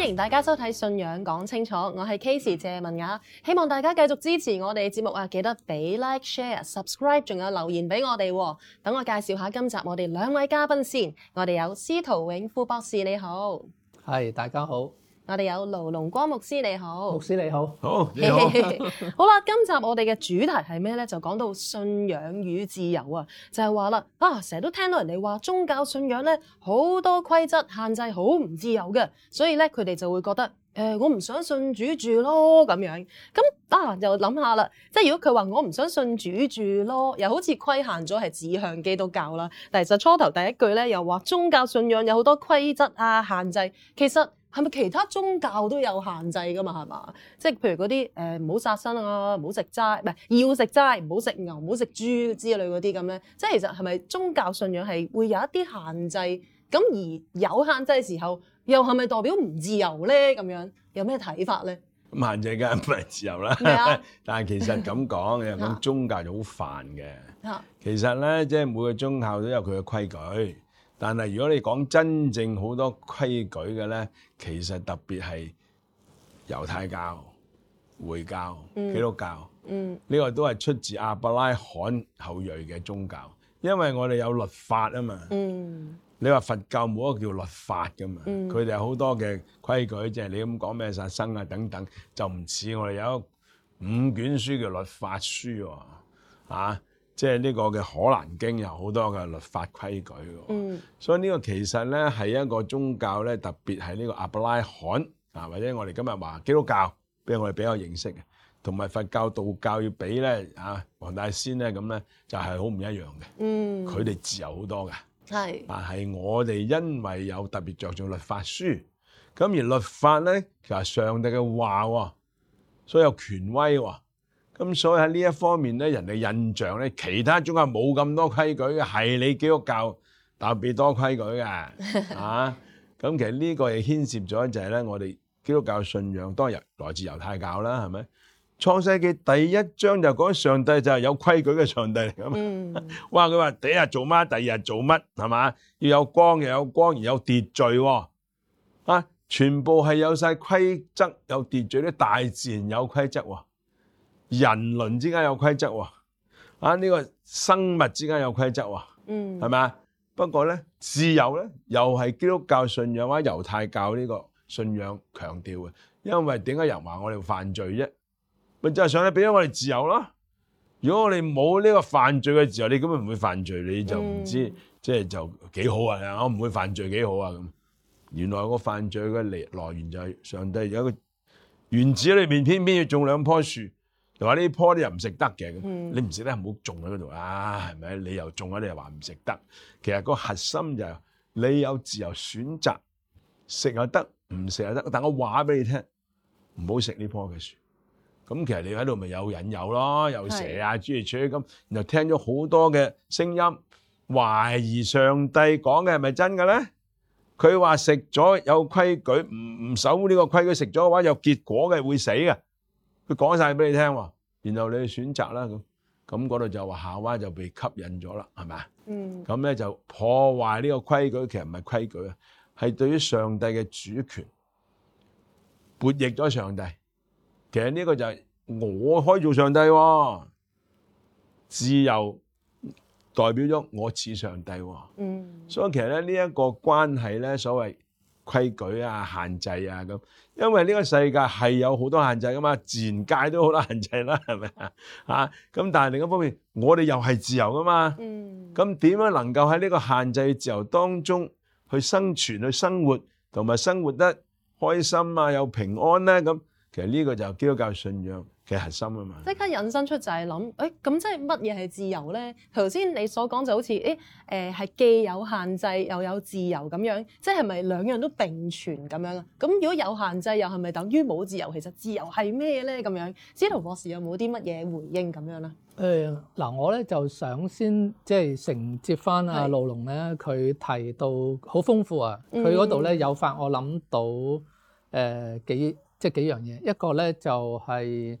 歡迎大家收睇《信仰講清楚》，我係 Casey 謝文雅，希望大家繼續支持我哋節目啊！記得俾 like、share、subscribe，仲有留言俾我哋。等我介紹一下今集我哋兩位嘉賓先。我哋有司徒永富博士，你好，係大家好。我哋有盧龍光牧師，你好，牧師你好，好，你好，好，啦。 今集我哋嘅主題係咩咧？就講到信仰與自由啊，就係話啦，啊，成日都聽到人哋話宗教信仰咧，好多規則限制，好唔自由嘅，所以咧佢哋就會覺得誒、呃，我唔想信主住咯咁樣。咁啊，又諗下啦，即係如果佢話我唔想信主住咯，又好似規限咗係指向基督教啦。但係其實初頭第一句咧，又話宗教信仰有好多規則啊限制，其實。係咪其他宗教都有限制㗎嘛？係嘛？即係譬如嗰啲誒唔好殺生啊，唔好食齋，唔係要食齋，唔好食牛，唔好食豬之類嗰啲咁咧。即係其實係咪宗教信仰係會有一啲限制？咁而有限制嘅時候，又係咪代表唔自由咧？咁樣有咩睇法咧？咁限制梗係自由啦。啊、 但係其實咁講又講宗教就好煩嘅。嚇！ 其實咧，即係每個宗教都有佢嘅規矩。但係如果你講真正好多規矩嘅咧，其實特別係猶太教、回教、嗯、基督教呢、嗯這個都係出自亞伯拉罕後裔嘅宗教，因為我哋有律法啊嘛。嗯、你話佛教冇一個叫律法㗎嘛？佢、嗯、哋有好多嘅規矩，即係你咁講咩殺生啊等等，就唔似我哋有五卷書叫律法書喎啊！啊即係呢個嘅《可蘭經》有好多嘅律法規矩嘅、嗯，所以呢個其實咧係一個宗教咧，特別係呢個阿布拉罕啊，或者我哋今日話基督教俾我哋比較認識嘅，同埋佛教、道教要比咧，啊黃大仙咧，咁咧就係好唔一樣嘅，佢、嗯、哋自由好多嘅，但係我哋因為有特別着重律法書，咁而律法咧就係上帝嘅話喎，所以有權威喎、哦。咁所以喺呢一方面咧，人哋印象咧，其他宗教冇咁多規矩，係你基督教特別多規矩嘅啊！咁其實呢個係牽涉咗就係咧，我哋基督教信仰當日來自猶太教啦，係咪？創世記第一章就講上帝就係有規矩嘅上帝嚟㗎嘛，哇！佢話第一日做乜，第二日做乜，係嘛？要有光又有光，而有秩序喎，啊！全部係有曬規則，有秩序咧，大自然有規則喎。人倫之間有規則喎，啊呢個生物之間有規則喎，嗯，係咪啊？不過咧，自由咧又係基督教信仰或者猶太教呢個信仰強調嘅，因為點解人話我哋犯罪啫？咪就係、是、上帝俾咗我哋自由咯。如果我哋冇呢個犯罪嘅自由，你根本唔會犯罪，你就唔知、嗯、即係就幾好啊！我唔會犯罪幾好啊咁。原來個犯罪嘅嚟來源就係上帝有一個園子裏面偏偏要種兩棵樹。話呢棵你又唔食得嘅，你唔食得唔好種喺嗰度啊，係咪？你又種啊？你又話唔食得。其實個核心就係你有自由選擇食又得，唔食又得。但我話俾你聽，唔好食呢棵嘅樹。咁其實你喺度咪有引誘咯，有蛇啊，諸如此類咁。然後聽咗好多嘅聲音，懷疑上帝講嘅係咪真嘅咧？佢話食咗有規矩，唔唔守呢個規矩，食咗嘅話有結果嘅，會死嘅。佢講晒俾你聽，然後你去選擇啦。咁咁嗰度就話夏娃就被吸引咗啦，係咪？嗯。咁咧就破壞呢個規矩，其實唔係規矩啊，係對於上帝嘅主權，叛逆咗上帝。其實呢個就係我開做上帝喎，自由代表咗我似上帝。嗯。所以其實咧，呢一個關係咧，所謂，規矩啊，限制啊，咁，因為呢個世界係有好多限制噶嘛，自然界都好多限制啦，係咪啊？嚇，咁但係另一方面，我哋又係自由噶嘛，咁點樣能夠喺呢個限制自由當中去生存、去生活同埋生活得開心啊，又平安咧？咁其實呢個就基督教信仰。嘅核心啊嘛，即刻引申出就係諗，誒咁即係乜嘢係自由咧？頭先你所講就好似誒誒係既有限制又有自由咁樣，即係咪兩樣都並存咁樣啊？咁如果有限制又係咪等於冇自由？其實自由係咩咧？咁樣，司徒博士有冇啲乜嘢回應咁樣咧？誒、呃、嗱，我咧就想先即係承接翻阿、啊、路龍咧，佢提到好豐富啊，佢嗰度咧有法我諗到誒、呃、幾即係幾樣嘢，一個咧就係、是。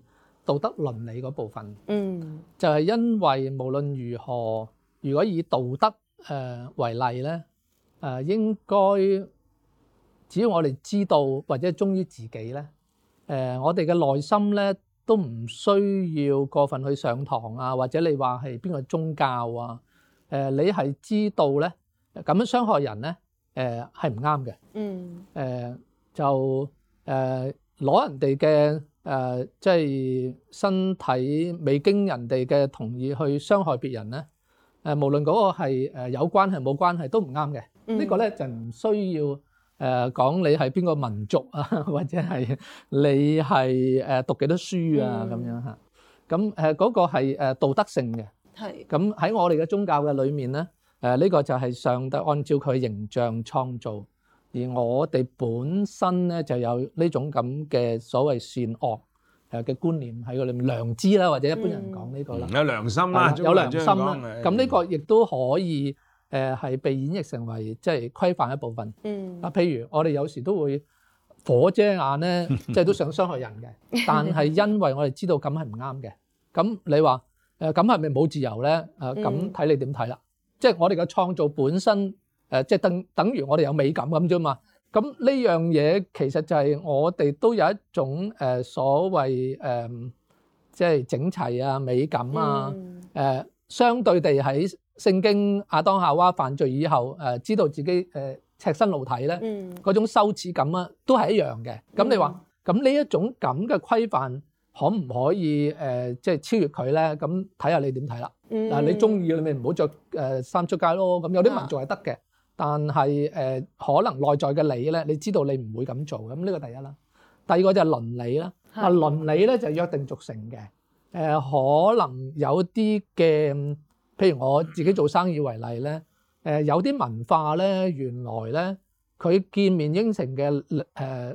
道德倫理嗰部分，嗯，就係、是、因為無論如何，如果以道德誒為例咧，誒應該只要我哋知道或者忠於自己咧，誒我哋嘅內心咧都唔需要過分去上堂啊，或者你話係邊個宗教啊？誒你係知道咧，咁樣傷害人咧，誒係唔啱嘅。嗯，誒就誒攞、呃、人哋嘅。誒，即係身體未經人哋嘅同意去傷害別人咧，誒，無論嗰個係誒有關係冇關係都唔啱嘅。呢個咧就唔需要誒講你係邊個民族啊，或者係你係誒讀幾多書啊咁樣吓。咁誒嗰個係誒道德性嘅。係。咁喺我哋嘅宗教嘅裏面咧，誒呢個就係上帝按照佢嘅形象創造。而我哋本身咧就有呢種咁嘅所謂善惡嘅觀念喺度裏面，良知啦，或者一般人講呢個啦，有良心啦，有良心啦。咁呢、嗯、個亦都可以係、呃、被演繹成為即係規範一部分。嗯，譬如我哋有時都會火遮眼咧，即係都想傷害人嘅， 但係因為我哋知道咁係唔啱嘅。咁你話誒咁係咪冇自由咧？誒咁睇你點睇啦。即係我哋嘅創造本身。呃、即等等於我哋有美感咁啫嘛，咁呢樣嘢其實就係我哋都有一種誒、呃、所謂誒、呃、即係整齊啊、美感啊，嗯呃、相對地喺聖經亞當夏娃犯罪以後、呃、知道自己誒、呃、赤身露體咧，嗰、嗯、種羞恥感啊，都係一樣嘅。咁你話咁呢一種咁嘅規範可唔可以誒、呃、即係超越佢咧？咁睇下你點睇啦。嗱、嗯啊，你中意你咪唔好着誒衫出街咯。咁有啲民族係得嘅。啊但係誒、呃，可能內在嘅你咧，你知道你唔會咁做咁，呢、呢個第一啦。第二個就係倫理啦，啊倫理咧就是、約定俗成嘅。誒、呃，可能有啲嘅，譬如我自己做生意為例咧，誒、呃、有啲文化咧，原來咧佢見面應承嘅誒。呃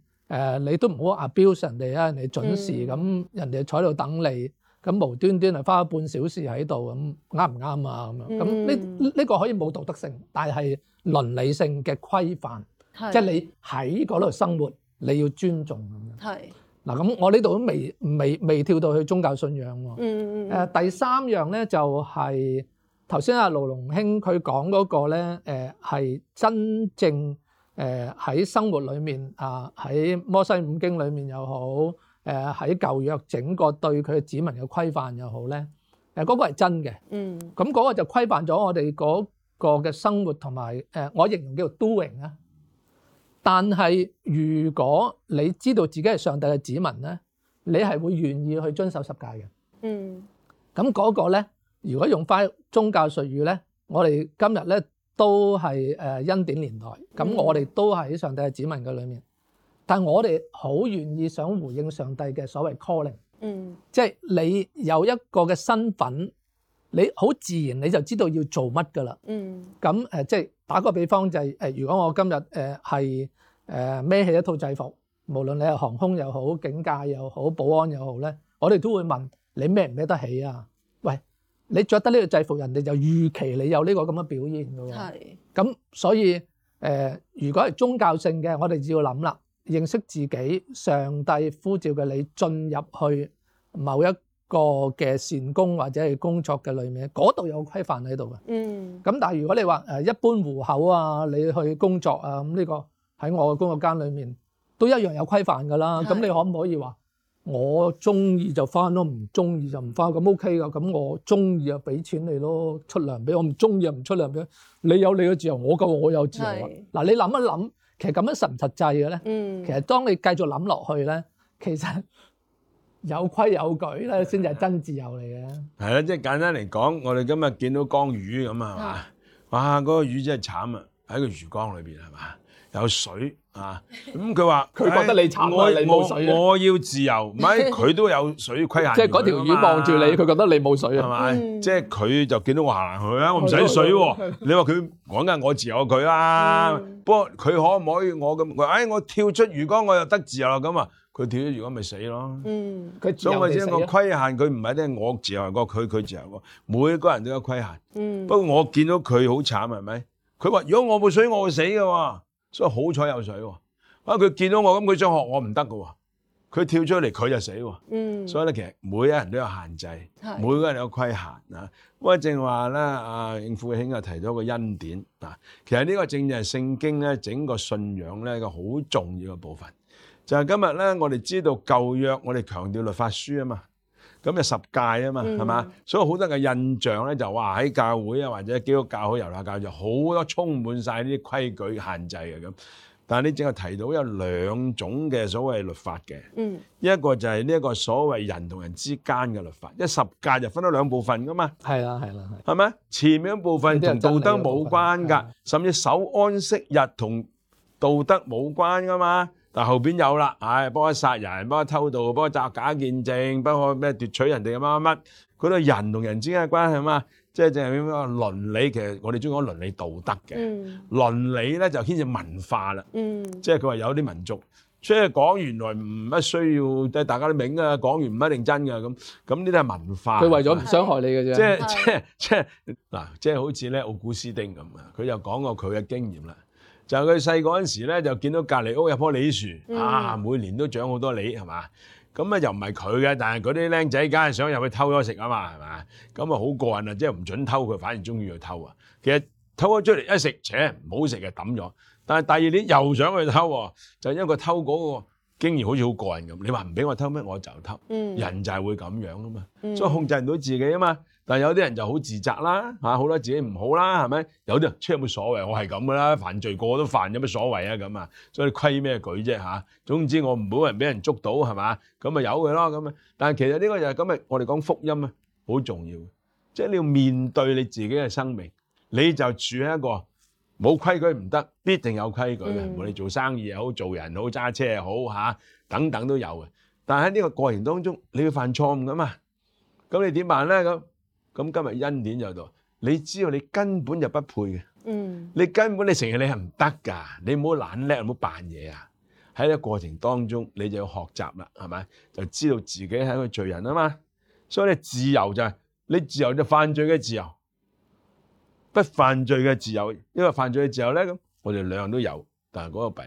呃、你都唔好 abuse 人哋啊！人哋準時咁、嗯，人哋坐喺度等你，咁無端端係花咗半小時喺度，咁啱唔啱啊？咁咁呢呢個可以冇道德性，但係倫理性嘅規範，即係、就是、你喺嗰度生活、嗯，你要尊重咁樣。係嗱，咁我呢度都未未未跳到去宗教信仰喎、哦。嗯嗯、呃、第三樣咧就係頭先阿盧龍興佢講嗰個咧，係、呃、真正。誒喺生活裏面啊，喺摩西五經裏面又好，誒喺舊約整個對佢嘅子民嘅規範又好咧，誒、那、嗰個係真嘅。嗯，咁嗰個就規範咗我哋嗰個嘅生活同埋誒，我形容叫做 doing 啊。但係如果你知道自己係上帝嘅子民咧，你係會願意去遵守十戒嘅。嗯，咁嗰個咧，如果用返宗教術語咧，我哋今日咧。都係誒恩典年代，咁我哋都喺上帝嘅指紋嘅裏面，但係我哋好願意想回應上帝嘅所謂 calling，嗯，即係你有一個嘅身份，你好自然你就知道要做乜噶啦，嗯，咁誒即係打個比方就係誒，如果我今日誒係誒孭起一套制服，無論你係航空又好、警戒又好、保安又好咧，我哋都會問你孭唔孭得起啊？你着得呢個制服，人哋就預期你有呢個咁嘅表現嘅喎。係。咁所以、呃、如果係宗教性嘅，我哋就要諗啦，認識自己，上帝呼召嘅你進入去某一個嘅善工或者係工作嘅裏面，嗰度有規範喺度嘅。嗯。咁但係如果你話呃一般戶口啊，你去工作啊，咁呢個喺我嘅工作間裏面都一樣有規範㗎啦。咁你可唔可以話？我中意就翻咯，唔中意就唔翻。咁 OK 噶，咁我中意啊，俾錢你咯，出糧俾我。唔中意唔出糧俾。你有你嘅自由，我咁我有自由。嗱，你諗一諗，其實咁樣實唔實際嘅咧？嗯。其實當你繼續諗落去咧，其實有規有矩咧，先至係真自由嚟嘅。係啦，即係簡單嚟講，我哋今日見到江魚咁啊嘛，哇！嗰個魚真係慘啊，喺個魚缸裏邊，係嘛，有水。啊！咁佢話佢覺得你慘啊、哎，你冇水我，我要自由，唔係佢都有水於規限。即係嗰條魚望住你，佢、嗯、覺得你冇水啊，係咪？嗯、即係佢就見到我行去啊，我唔使水喎！嗯、你話佢講緊我自由，佢啦。不過佢可唔可以我咁？佢、哎、我跳出魚缸我又得自由啦咁啊！佢跳出魚缸咪死咯。嗯，佢所以咪即係個規限，佢唔係啲我自由個，佢佢自由個，每個人都有規限。嗯。不過我見到佢好慘，係咪？佢話如果我冇水我會死嘅。所以好彩有水喎、哦，啊佢見到我咁，佢想學我唔得㗎喎，佢、哦、跳出嚟佢就死喎、哦嗯，所以咧，其實每一人都有限制，每一個人都有規限啊。咁啊正話咧，啊應富兄就提咗個恩典啊，其實呢個正正係聖經咧整個信仰咧個好重要嘅部分，就係、是、今日咧我哋知道舊約我哋強調律法書啊嘛。咁就十戒啊嘛，係、嗯、嘛？所以好多人嘅印象咧就話喺教會啊或者基督教好猶太教就好多充滿晒呢啲規矩限制嘅咁。但係你只係提到有兩種嘅所謂律法嘅，嗯，一個就係呢一個所謂人同人之間嘅律法。嗯、一十戒就分咗兩部分噶嘛，係啦係啦係，係咪、啊啊啊？前面一部分同、啊就是、道德冇關㗎、啊啊，甚至守安息日同道德冇關㗎嘛。但後邊有啦，唉，幫佢殺人，幫佢偷盜，幫佢作假見證，幫佢咩奪取人哋嘅乜乜乜，嗰度人同人之間嘅關係嘛，即係即係點講啊？倫理其實我哋中講倫理道德嘅、嗯，倫理咧就牽涉文化啦，即係佢話有啲民族，即係講原來唔乜需要，即係大家都明啊，講完唔一定真嘅咁，咁呢啲係文化。佢為咗唔想害你嘅啫。即即即嗱，即係好似咧奧古斯丁咁啊，佢又講過佢嘅經驗啦。就佢細個嗰陣時咧，就見到隔離屋有棵李樹，啊，每年都長好多李，係嘛？咁咧又唔係佢嘅，但係嗰啲僆仔梗係想入去偷咗食啊嘛，係嘛？咁啊好過癮啊，即係唔准偷佢，反而中意去偷啊。其實偷咗出嚟一食，誒，唔好食就抌咗。但係第二年又想去偷，就係、因為佢偷嗰個經驗好似好過癮咁。你話唔俾我偷咩？我就偷。嗯，人就係會咁樣噶嘛，所以控制唔到自己啊嘛。但有啲人就好自責啦，好多自己唔好啦，係咪？有啲人出有冇所謂？我係咁噶啦，犯罪個個都犯，有咩所謂啊？咁啊，所以規咩矩啫嚇？總之我唔好人俾人捉到係嘛？咁咪由佢咯咁啊！但係其實呢個就係咁啊！我哋講福音啊，好重要嘅，即係你要面對你自己嘅生命，你就處喺一個冇規矩唔得，必定有規矩嘅。嗯、你做生意又好，做人好，揸車又好嚇，等等都有嘅。但喺呢個過程當中，你要犯錯誤噶嘛？咁你點辦咧？咁？咁今日恩典就到，你知道你根本就不配嘅，嗯，你根本你承認你係唔得噶，你唔好懶叻，唔好扮嘢啊！喺呢個過程當中，你就要學習啦，係咪？就知道自己係一個罪人啊嘛。所以自、就係、你自由就係你自由就犯罪嘅自由，不犯罪嘅自由。因為犯罪嘅自由咧，咁我哋兩樣都有，但係嗰個弊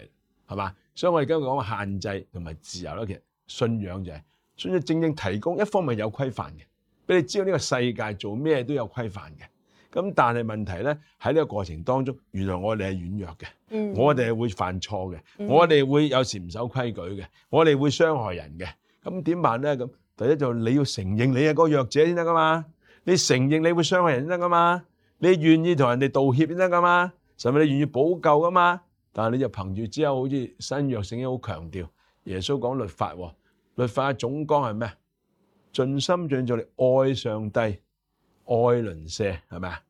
係嘛？所以我哋今日講個限制同埋自由啦。其實信仰就係、是，所以正正提供一方面有規範嘅。俾你知道呢個世界做咩都有規範嘅，咁但係問題咧喺呢個過程當中，原來我哋係軟弱嘅、嗯，我哋係會犯錯嘅、嗯，我哋會有時唔守規矩嘅，我哋會傷害人嘅，咁點辦咧？咁第一就你要承認你係個弱者先得噶嘛，你承認你會傷害人先得噶嘛，你願意同人哋道歉先得噶嘛，甚至你願意補救噶嘛？但係你就憑住之後好似新約聖經好強調，耶穌講律法喎，律法嘅總綱係咩？盡心盡力愛上帝，愛鄰舍，係咪啊？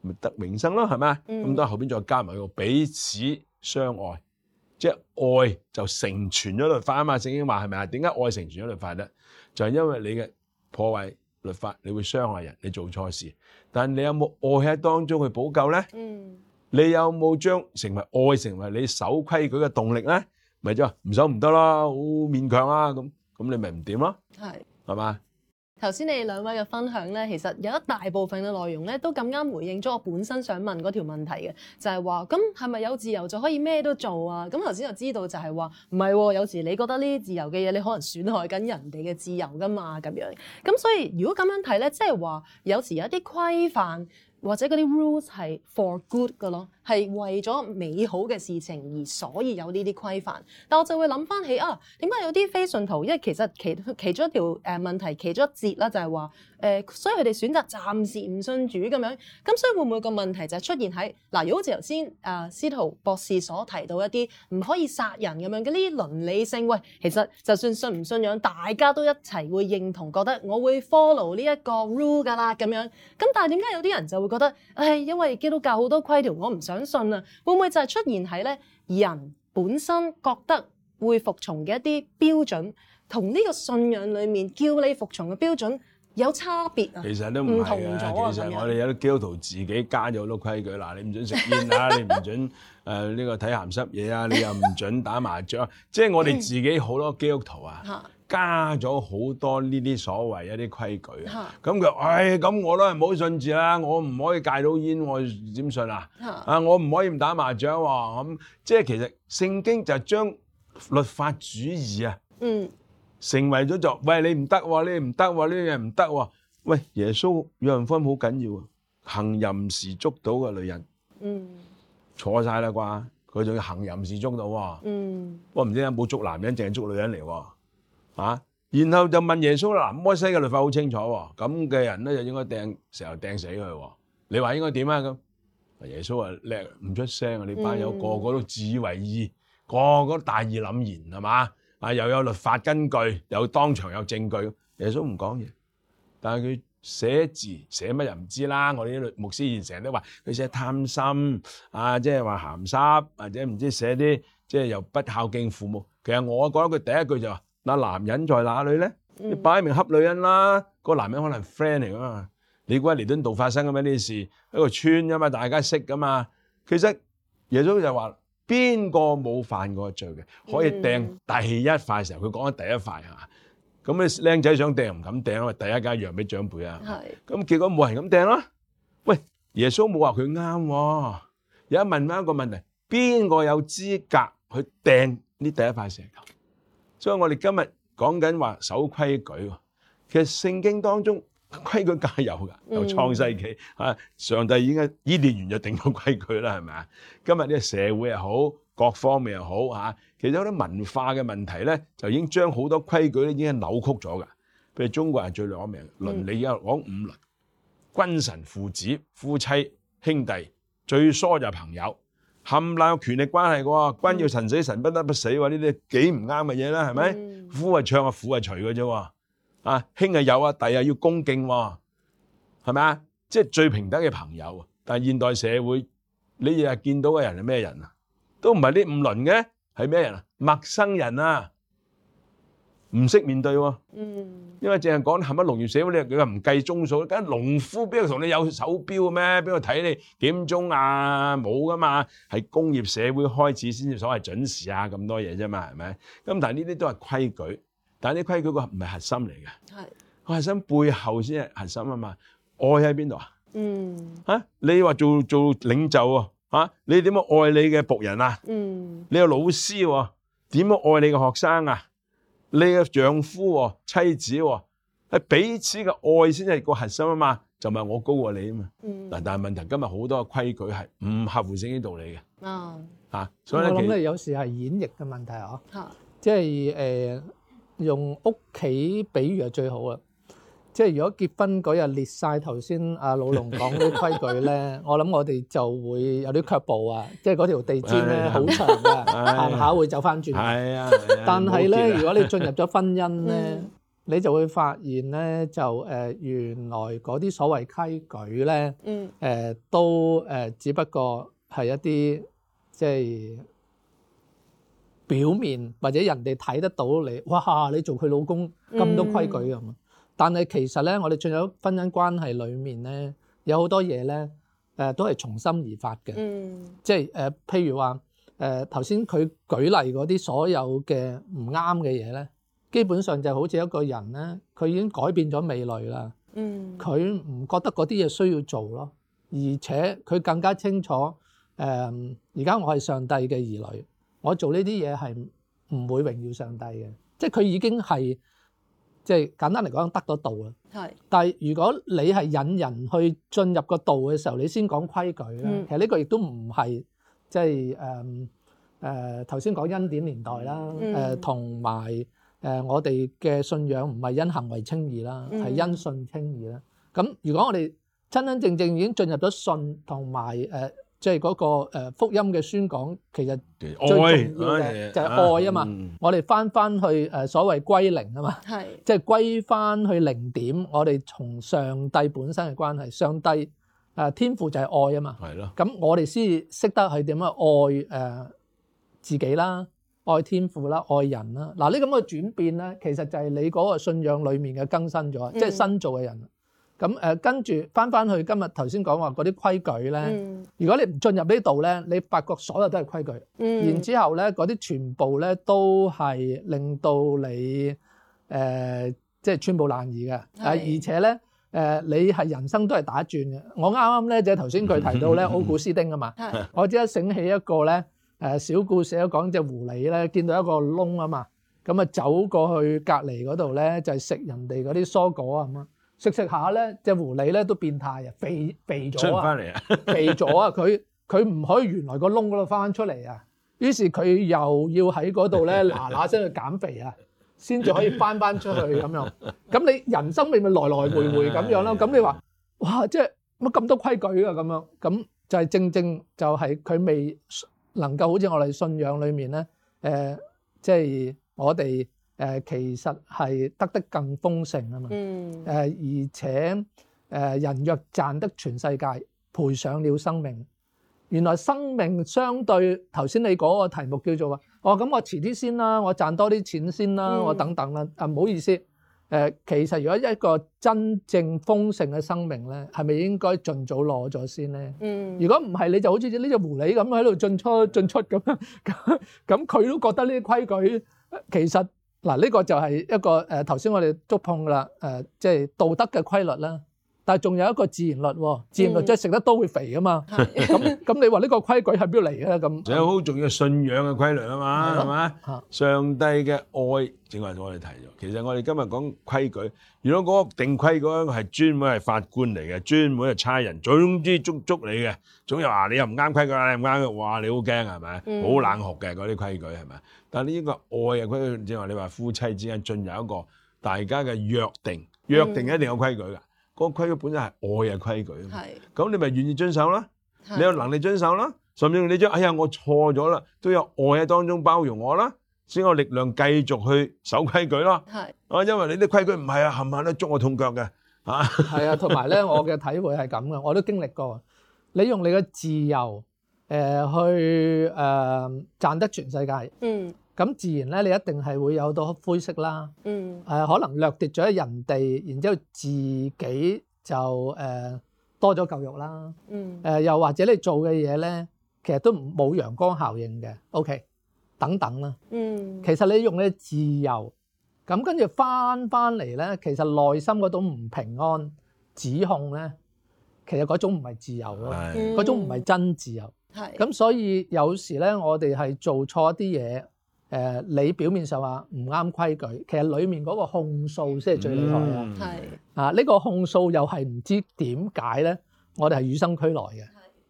咪得永生咯，係咪啊？咁都後邊再加埋個彼此相愛，即係愛就成全咗律法啊嘛。聖經話係咪啊？點解愛成全咗律法咧？就係因為你嘅破壞律法，你會傷害人，你做錯事。但係你有冇愛喺當中去補救咧？你有冇將成為愛成為你守規矩嘅動力咧？咪就唔守唔得啦，好勉強啊！咁咁你咪唔掂咯？係。係嘛？頭先你兩位嘅分享咧，其實有一大部分嘅內容咧，都咁啱回應咗我本身想問嗰條問題嘅，就係話，咁係咪有自由就可以咩都做啊？咁頭先就知道就係話，唔係喎，有時你覺得呢啲自由嘅嘢，你可能損害緊人哋嘅自由噶嘛，咁樣。咁所以如果咁樣睇咧，即係話，有時有一啲規範或者嗰啲 rules 係 for good 噶咯。係為咗美好嘅事情而，所以有呢啲規範。但我就會諗翻起啊，點解有啲非信徒，因為其實其其中一條誒問題，其中一節啦，就係話誒，所以佢哋選擇暫時唔信主咁樣。咁所以會唔會個問題就係出現喺嗱？如果好似頭先啊，啊司徒博士所提到一啲唔可以殺人咁樣嘅呢啲倫理性，喂，其實就算信唔信仰，大家都一齊會認同，覺得我會 follow 呢一個 rule 㗎啦，咁樣。咁但係點解有啲人就會覺得，唉、哎，因為基督教好多規條，我唔信。」相信啊，會唔會就係出現喺咧人本身覺得會服從嘅一啲標準，同呢個信仰裡面叫你服從嘅標準有差別啊？其實都唔係啊！其實我哋有啲基督徒自己加咗好多規矩，嗱， 你唔准食煙啊，你唔准誒呢個睇鹹濕嘢啊，你又唔准打麻將，即 係我哋自己好多基督徒啊。 加咗好多呢啲所謂一啲規矩，咁佢唉，咁、哎、我都係唔好信住啦，我唔可以戒到煙，我點信啊？啊，我唔可以唔打麻將喎，咁、哦嗯、即係其實聖經就將律法主義啊，成為咗作喂你唔得喎，你唔得喎，呢樣唔得喎，喂耶穌約翰福音好緊要，行淫時捉到嘅女人，嗯，坐曬啦啩，佢仲要行淫時捉到喎、哦，嗯，我唔知有冇捉男人，淨係捉女人嚟喎。啊，然後就問耶穌啦，摩西嘅律法好清楚，咁嘅人咧就應該掟，成日掟死佢。你話應該點啊？咁耶穌啊叻，唔出聲啊！呢班友個個都自以為意，個個都大義凜然係嘛？啊，又有律法根據，又當場有證據。耶穌唔講嘢，但係佢寫字寫乜又唔知啦。我哋啲牧師以前成日都話佢寫貪心，啊，即係話鹹濕，或者唔知寫啲即係又不孝敬父母。其實我覺得佢第一句就嗱，男人在哪裏咧？你擺明恰女人啦，個男人可能 friend 嚟噶嘛？你估喺彌敦道發生咁樣啲事，一個村噶嘛，大家識噶嘛？其實耶穌就話「邊個冇犯過罪嘅，可以掟第一塊石。」佢講緊第一塊吓。咁你靚仔想掟唔敢掟，因為第一間讓俾長輩啊。係。咁結果冇人咁掟啦。喂，耶穌冇話佢啱。而家問翻一個問題：邊個有資格去掟呢第一塊石頭？所以我哋今日講緊話守規矩，其實聖經當中規矩梗係有嘅，由創世紀啊，上帝已經伊甸園就定咗規矩啦，係咪啊？今日呢個社會又好，各方面又好嚇，其實有啲文化嘅問題咧，就已經將好多規矩咧已經扭曲咗嘅。譬如中國人最攞命倫理，又講五倫：君臣、父子、夫妻、兄弟，最疏就朋友。冚唪唥有權力關係嘅喎，君要臣死，臣不得不死喎，呢啲幾唔啱嘅嘢啦，係咪、嗯？夫係唱啊，婦係隨嘅啫喎，啊，兄係友啊，弟係要恭敬喎，係咪啊？即係最平等嘅朋友，但係現代社會，你日日見到嘅人係咩人啊？都唔係呢五倫嘅，係咩人啊？陌生人啊！唔識面對喎，因為淨係講喺乜農業社會，你又佢又唔計鐘數。梗係農夫邊度同你有手錶咩？邊個睇你點鐘啊？冇噶嘛，係工業社會開始先至所謂準時啊咁多嘢啫嘛，係咪？咁但係呢啲都係規矩，但係呢啲規矩個唔係核心嚟嘅，係，個核心背後先係核心啊嘛。愛喺邊度啊？嗯，啊，你話做做領袖啊，啊，你點樣愛你嘅僕人啊？嗯，你係老師喎，點樣愛你嘅學生啊？你嘅丈夫、哦、妻子係、哦、彼此嘅愛先係個核心啊嘛，就唔係我高過你啊嘛。嗱、嗯，但係問題今日好多嘅規矩係唔合乎聖經道理嘅、嗯。啊，嚇，所以、嗯、我諗咧有時係演繹嘅問題哦、啊嗯。即係誒、呃，用屋企比喻就最好啊。即係如果結婚嗰日列曬頭先阿老龍講啲規矩咧，我諗我哋就會有啲卻步啊！即係嗰條地氈咧好長啊，行下會走翻轉。係啊，但係咧，如果你進入咗婚姻咧，你就會發現咧，就誒原來嗰啲所謂規矩咧，誒都誒只不過係一啲即係表面或者人哋睇得到你，哇！你做佢老公咁多規矩啊！但係其實咧，我哋進入婚姻關係裏面咧，有好多嘢咧，誒都係從心而發嘅。嗯，即係誒、呃，譬如話誒，頭先佢舉例嗰啲所有嘅唔啱嘅嘢咧，基本上就好似一個人咧，佢已經改變咗味蕾啦。嗯，佢唔覺得嗰啲嘢需要做咯，而且佢更加清楚誒，呃，而家我係上帝嘅兒女，我做呢啲嘢係唔會榮耀上帝嘅，即係佢已經係。即係簡單嚟講，得到道啦。係，但係如果你係引人去進入個道嘅時候，你先講規矩啦。其實呢個亦都唔係即係誒誒頭先講恩典年代啦。誒同埋誒我哋嘅信仰唔係因行為稱義啦，係因信稱義啦。咁如果我哋真真正正已經進入咗信同埋誒。呃即係嗰個福音嘅宣講，其實最重要嘅就係愛啊嘛！我哋翻翻去誒所謂歸零啊嘛，即係歸翻去零點。我哋從上帝本身嘅關係，上帝誒天父就係愛啊嘛。係咯。咁我哋先識得去點樣愛誒自己啦，愛天父啦，愛人啦。嗱呢咁嘅轉變咧，其實就係你嗰個信仰裡面嘅更新咗，即係新造嘅人。嗯咁誒跟住翻翻去今日頭先講話嗰啲規矩咧，如果你唔進入呢度咧，你發覺所有都係規矩。然之後咧，嗰啲全部咧都係令到你誒，即係寸步難移嘅。啊，而且咧誒，你係人生都係打轉嘅。我啱啱咧就係頭先佢提到咧，奧古斯丁啊嘛，我即刻醒起一個咧誒小故事，講隻狐狸咧，見到一個窿啊嘛，咁啊走過去隔離嗰度咧，就係食人哋嗰啲蔬果啊咁啊。食食下咧，隻狐狸咧都變態啊，肥肥咗啊，肥咗啊，佢佢唔可以原來個窿嗰度翻出嚟啊，於是佢又要喺嗰度咧嗱嗱聲去減肥啊，先 至可以翻翻出去咁樣。咁你人生咪咪來來回回咁樣咯。咁你話，哇，即係乜咁多規矩啊咁樣？咁就係正正就係佢未能夠好似我哋信仰裏面咧，即、呃、係、即係、我哋。誒其實係得得更豐盛啊嘛！誒而且誒人若賺得全世界，賠上了生命，原來生命相對頭先你嗰個題目叫做話，我咁我遲啲先啦，我賺多啲錢先啦，我等等啦。誒唔好意思，誒其實如果一個真正豐盛嘅生命咧，係咪應該儘早攞咗先咧？如果唔係，你就好似呢隻狐狸咁喺度進出進出咁樣，咁咁佢都覺得呢啲規矩其實。嗱，呢個就係一個誒，頭先我哋觸碰啦，誒，即係道德嘅規律啦。但係仲有一個自然律，自然律即係食得多會肥啊嘛。咁、嗯、咁 你話呢個規矩係邊度嚟嘅咁？最好重要信仰嘅規律啊嘛，係、嗯、咪？上帝嘅愛正話我哋提咗。其實我哋今日講規矩，如果嗰定規矩咧，係專門係法官嚟嘅，專門係差人，總之捉捉你嘅。總有話，你又唔啱規矩喇，你唔啱嘅話，哇！你好驚係咪？好、嗯、冷酷嘅嗰啲規矩係咪？但係呢個愛嘅規矩正話你話夫妻之間進入一個大家嘅約定，約定一定有規矩㗎。嗯。個規矩本身係愛嘅規矩，咁你咪願意遵守囉。你有能力遵守囉，甚至你將哎呀，我錯咗啦，都有愛喺當中包容我啦，先有力量繼續去守規矩咯。係啊，因為你啲規矩唔係啊，冚唪唥都捉我痛腳嘅啊。係啊，同埋咧，我嘅體會係咁嘅，我都經歷過。你用你嘅自由誒去誒賺得全世界。嗯。咁自然咧，你一定係會有到灰色啦。嗯。呃、可能掠奪咗人哋，然之後自己就、呃、多咗嚿肉啦。嗯、呃。又或者你做嘅嘢咧，其實都冇陽光效應嘅。O K。等等啦。嗯。其實你用呢自由，咁跟住翻翻嚟咧，其實內心嗰種唔平安指控咧，其實嗰種唔係自由咯，嗰種唔係真自由。係。咁所以有時咧，我哋係做錯一啲嘢。誒，你表面上話唔啱規矩，其實裡面嗰個控訴先係最厲害嘅。係啊，呢個控訴又係唔知點解咧，我哋係與生俱來嘅。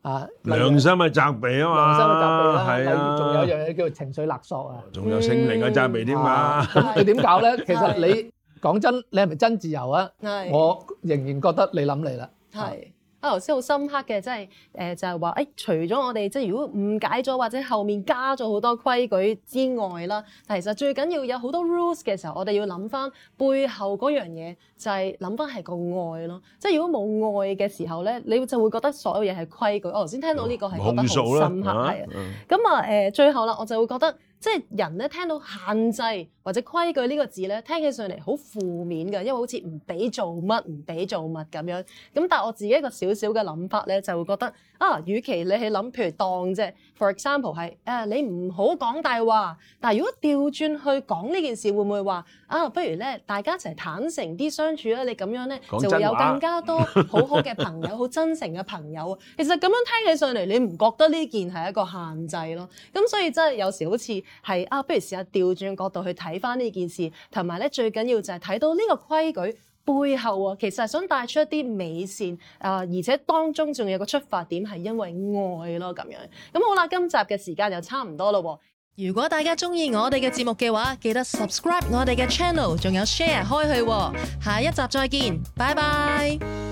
係啊，良心嘅責備啊嘛，良心嘅責備，係啊，仲有一樣嘢叫做情緒勒索啊，仲有性靈嘅責備添嘛。咁你點搞咧？其實你講真，你係咪真自由啊？係，我仍然覺得你諗嚟啦。係。啊，頭先好深刻嘅，即係誒就係話，除咗我哋即係如果誤解咗或者後面加咗好多規矩之外啦，但其實最緊要有好多 rules 嘅時候，我哋要諗翻背後嗰樣嘢，就係諗翻係個愛咯。即係如果冇愛嘅時候咧，你就會覺得所有嘢係規矩。我頭先聽到呢個係覺得好深刻，係啊。咁啊誒最後啦，我就會覺得。即係人咧聽到限制或者規矩呢個字咧，聽起上嚟好負面嘅，因為好似唔俾做乜，唔俾做乜咁樣。咁但係我自己一個小小嘅諗法咧，就會覺得。啊，與其你係諗，譬如當啫，for example 係，誒、啊、你唔好講大話。但如果調轉去講呢件事，會唔會話啊？不如咧，大家一齊坦誠啲相處啊！你咁樣咧，就會有更加多好好嘅朋友，好真誠嘅朋友。 其實咁樣聽起上嚟，你唔覺得呢件係一個限制咯？咁所以真係有時好似係啊，不如試下調轉角度去睇翻呢件事，同埋咧最緊要就係睇到呢個規矩。背後啊，其實係想帶出一啲美善啊，而且當中仲有一個出發點係因為愛咯咁樣。咁好啦，今集嘅時間就差唔多咯喎。如果大家中意我哋嘅節目嘅話，記得 subscribe 我哋嘅 channel，仲有 share 開去。下一集再見，拜拜。